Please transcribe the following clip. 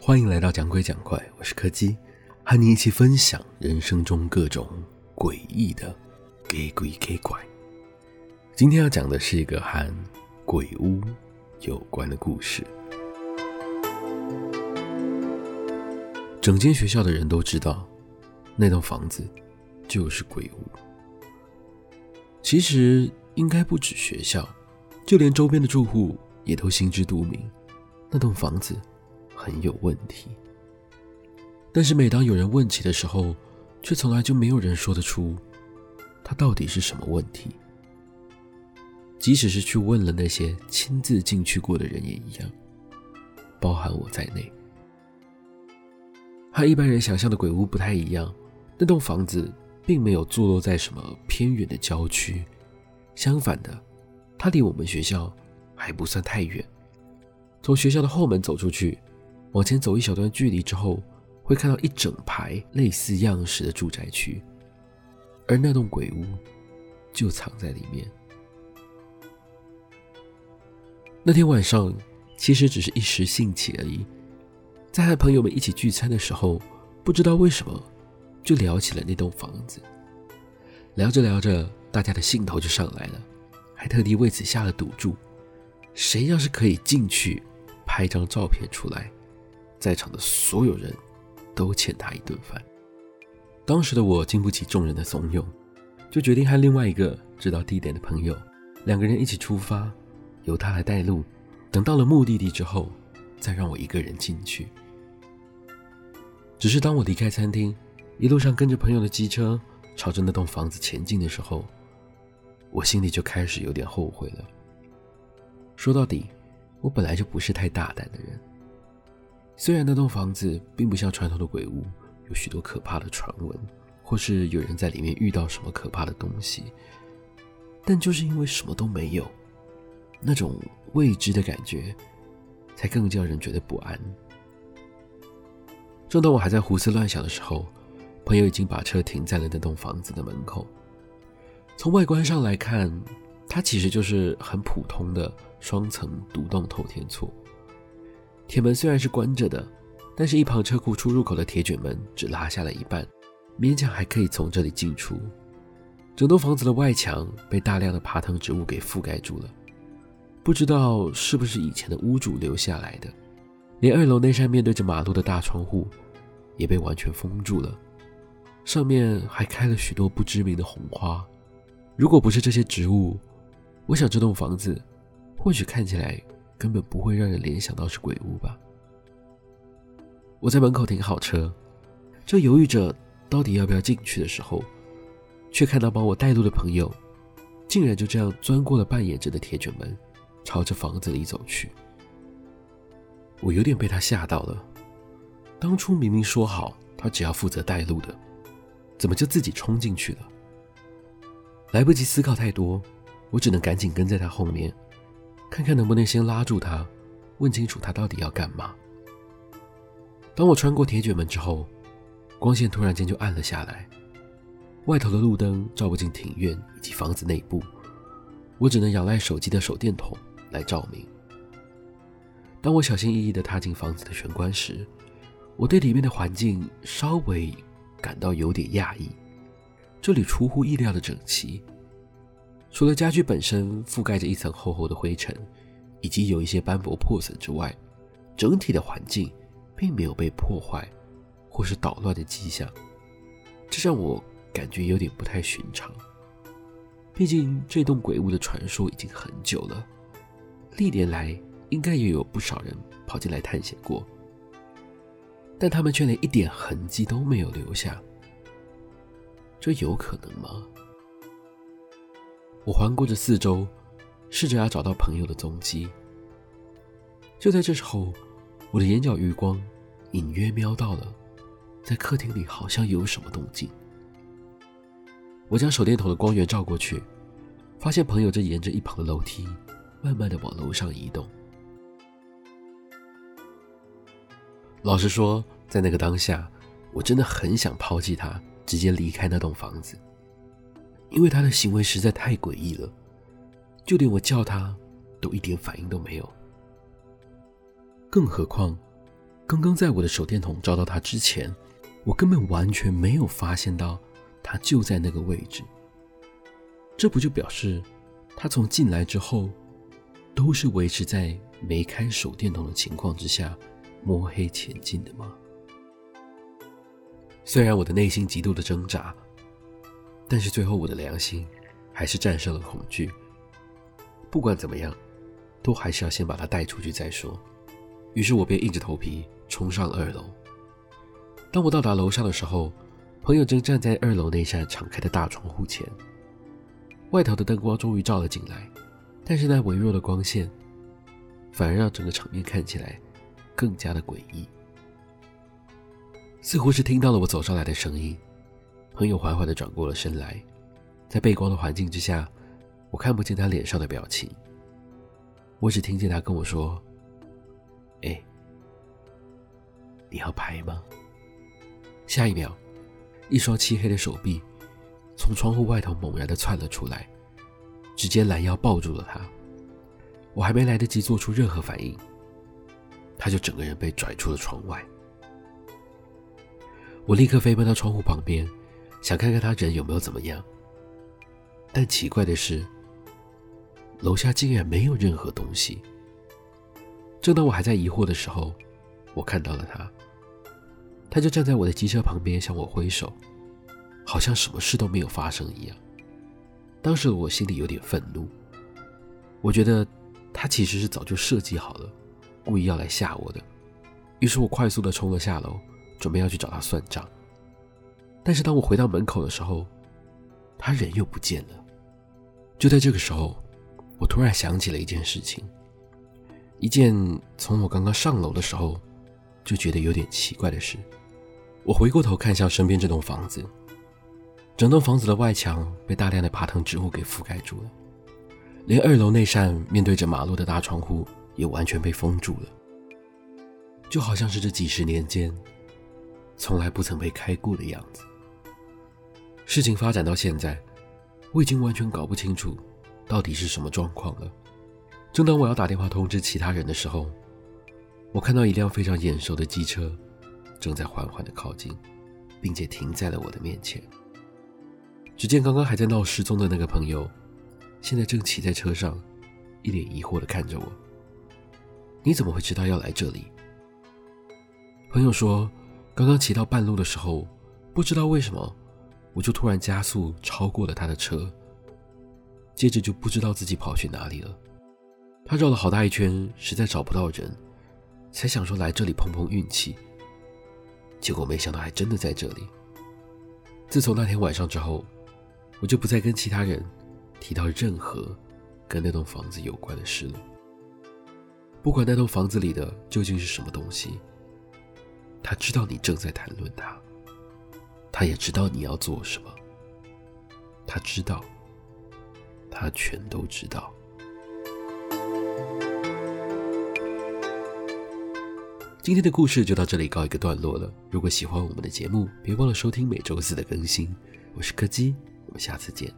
歡迎來到講鬼講怪，我是柯基，和你一起分享人生中各種詭異的詭鬼詭怪。今天要講的是一個和鬼屋有關的故事。整間學校的人都知道，那棟房子就是鬼屋。其實應該不止學校，就連周邊的住戶也都心知肚明，那棟房子很有問題。但是每當有人問起的時候，卻從來就沒有人說得出它到底是什麼問題。即使是去問了那些親自進去過的人也一樣，包含我在內。和一般人想象的鬼屋不太一樣，那棟房子。並沒有坐落在什麼偏遠的郊區，相反的，它離我們學校還不算太遠。從學校的後門走出去，往前走一小段距離之後，會看到一整排類似樣式的住宅區，而那棟鬼屋就藏在裡面。那天晚上，其實只是一時興起而已，在和朋友們一起聚餐的時候，不知道為什麼。就聊起了那棟房子，聊着聊着，大家的興頭就上來了，還特地為此下了賭注，誰要是可以進去拍張照片出來，在場的所有人都欠他一頓飯。當時的我經不起眾人的慫恿，就決定和另外一個知道地點的朋友，兩個人一起出發，由他來帶路，等到了目的地之後，再讓我一個人進去。只是當我離開餐廳，一路上跟着朋友的機車，朝着那棟房子前進的時候，我心裡就開始有點後悔了。說到底，我本來就不是太大膽的人。雖然那棟房子並不像傳統的鬼屋，有許多可怕的傳聞，或是有人在裡面遇到什麼可怕的東西，但就是因為什麼都沒有，那種未知的感覺，才更叫人覺得不安。正當我還在胡思亂想的時候，朋友已經把車停在了那棟房子的門口。從外觀上來看，它其實就是很普通的雙層獨棟透天厝。鐵門雖然是關着的，但是一旁車庫出入口的鐵捲門只拉下了一半，勉強還可以從這裡進出。整棟房子的外牆被大量的爬藤植物給覆蓋住了，不知道是不是以前的屋主留下來的。連二樓那扇面對着馬路的大窗戶，也被完全封住了。上面還開了許多不知名的紅花，如果不是這些植物，我想這棟房子或許看起來根本不會讓人聯想到是鬼屋吧。我在門口停好車，正猶豫着到底要不要進去的時候，卻看到幫我帶路的朋友，竟然就這樣鑽過了半掩着的鐵卷門，朝着房子裡走去。我有點被他嚇到了，當初明明說好他只要負責帶路的。怎麼就自己衝進去了？來不及思考太多，我只能趕緊跟在他後面，看看能不能先拉住他，問清楚他到底要幹嘛。當我穿過鐵卷門之後，光線突然間就暗了下來，外頭的路燈照不進庭院以及房子內部，我只能仰賴手機的手電筒來照明。當我小心翼翼地踏進房子的玄關時，我對裡面的環境稍微……感到有點訝異，這裡出乎意料的整齊。除了家具本身覆蓋着一層厚厚的灰塵，以及有一些斑駁破損之外，整體的環境並沒有被破壞或是搗亂的跡象，這讓我感覺有點不太尋常。畢竟這棟鬼屋的傳說已經很久了，歷年來應該也有不少人跑進來探險過。但他們卻連一點痕迹都沒有留下，這有可能嗎？我環顧着四周，試着要找到朋友的蹤跡。就在這時候，我的眼角餘光隱約瞄到了，在客廳裡好像有什麼動靜。我將手電筒的光源照過去，發現朋友正沿着一旁的樓梯，慢慢的往樓上移動。老實說，在那個當下，我真的很想拋棄他，直接離開那棟房子，因為他的行為實在太詭異了。就連我叫他，都一點反應都沒有。更何況，剛剛在我的手電筒照到他之前，我根本完全沒有發現到他就在那個位置。這不就表示，他從進來之後，都是維持在沒開手電筒的情況之下？摸黑前進的嗎？雖然我的內心極度的掙扎，但是最後我的良心還是戰勝了恐懼。不管怎麼樣，都還是要先把他帶出去再說。於是我便硬着頭皮衝上了二樓。當我到達樓上的時候，朋友正站在二樓那扇敞開的大窗戶前。外頭的燈光終於照了進來，但是那微弱的光線，反而讓整個場面看起來。更加的詭異，似乎是聽到了我走上來的聲音，朋友緩緩的轉過了身來，在背光的環境之下，我看不見他臉上的表情，我只聽見他跟我說：“哎、欸，你要拍嗎？”下一秒，一雙漆黑的手臂從窗戶外頭猛然的竄了出來，直接攔腰抱住了他，我還沒來得及做出任何反應。他就整個人被拽出了窗外。我立刻飛奔到窗戶旁邊，想看看他人有沒有怎麼樣。但奇怪的是，樓下竟然沒有任何東西。正當我還在疑惑的時候，我看到了他，他就站在我的機車旁邊向我揮手，好像什麼事都沒有發生一樣。當時我心裡有點憤怒，我覺得他其實是早就設計好了。故意要來嚇我的。於是我快速地衝了下樓，準備要去找他算賬。但是當我回到門口的時候，他人又不見了。就在這個時候，我突然想起了一件事情，一件從我剛剛上樓的時候就覺得有點奇怪的事。我回過頭看向身邊這棟房子，整棟房子的外牆被大量的爬藤植物給覆蓋住了，連二樓那扇面對着馬路的大窗戶。也完全被封住了，就好像是這幾十年間，從來不曾被開過的樣子。事情發展到現在，我已經完全搞不清楚到底是什麼狀況了。正當我要打電話通知其他人的時候，我看到一輛非常眼熟的機車，正在緩緩的靠近，並且停在了我的面前。只見剛剛還在鬧失蹤的那個朋友，現在正騎在車上，一臉疑惑的看着我。你怎麼會知道要來這裡？朋友說，剛剛騎到半路的時候，不知道為什麼，我就突然加速超過了他的車，接着就不知道自己跑去哪裡了。他繞了好大一圈，實在找不到人，才想說來這裡碰碰運氣。結果沒想到，還真的在這裡。自從那天晚上之後，我就不再跟其他人提到任何跟那棟房子有關的事了。不管那棟房子裡的究竟是什麼東西，他知道你正在談論他，他也知道你要做什麼，他知道，他全都知道。今天的故事就到這裡告一個段落了。如果喜歡我們的節目，別忘了收聽每周四的更新。我是柯基，我們下次見。